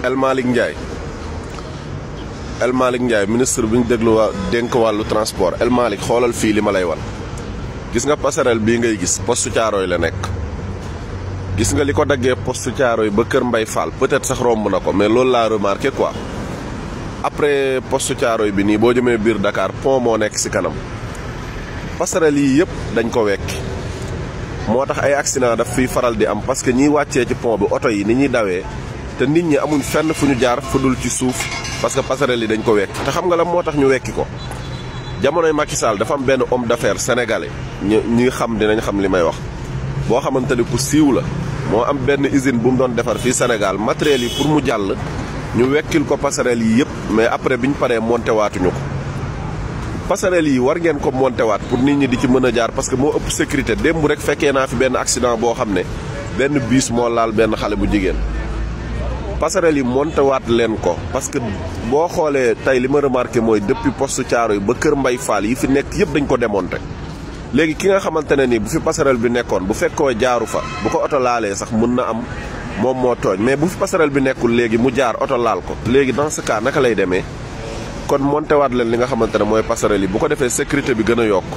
El Malick Ndiaye El Malick Ndiaye ministre bi ñu déglu waa dénk wàllu transport El Malick xoolal fii li ma lay wan gis nga passerelle bii ngay gis postu Caaroy la nekk gis nga li ko daggee postu Caaroy ba Kër Mbay Fall peut-être sax romb na ko mais loolu laa remarqué quoi après postu Caaroy bi nii boo jëmee biir dakaar pont moo nekk ci kanam passerelle yi yëpp dañ ko wekki moo tax ay accident daf fiy faral di am parce que ñiy wàccee ci pont bi oto yi ni ñuy dawee te nit ñi amuñ fenn fu ñu jaar fu dul ci suuf parce que passerelle yi dañ ko wekk te xam nga la moo tax ñu wekki ko jamonoy Macky Sall dafa am benn homme d'affaires sénégalais ñu ñi xam dinañ xam li may wax boo xamante ni ku siiw la moo am benn usine bu mu doon defar fii Sénégal matériel yi pour mu jàll ñu wekkil ko passerelle yi yëpp mais après bi ñu paree montewaatuñu waatuñu ko passerelle yi war ngeen ko monté pour nit ñi di ci mën a jaar parce que moo ëpp sécurité démb rek naa fi benn accident boo xam ne benn bus moo laal benn xale bu jigéen passerelle yi monté waat leen ko parce que boo xoolee tey li ma remarqué mooy depuis poste caaro yi ba Kër Mbay Fall yi fi nekk yëpp dañ ko démonté léegi ki nga xamante ne nii bu fi passerelle bi nekkoon bu fekkoo jaaru fa bu ko oto laalee sax mun na am moom moo tooñ mais bu fi passerelle bi nekkul léegi mu jaar oto laal ko. léegi dans ce naka lay demee kon moontewaat leen li nga xamante ne mooy passerelle yi bu ko defee sécurité bi gën a yokk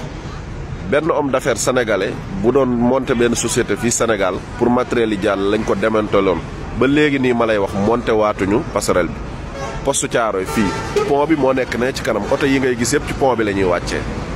benn homme d'affaires sénégalais bu doon monté benn société Sénégal pour matériel yi jàll lañ ko démontaloon. ba léegi nii ma lay wax monté waatuñu passerelle bi postu Caaroy fii pont bi moo nekk ne ci kanam oto yi ngay gis yëpp ci pont bi la ñuy wàccee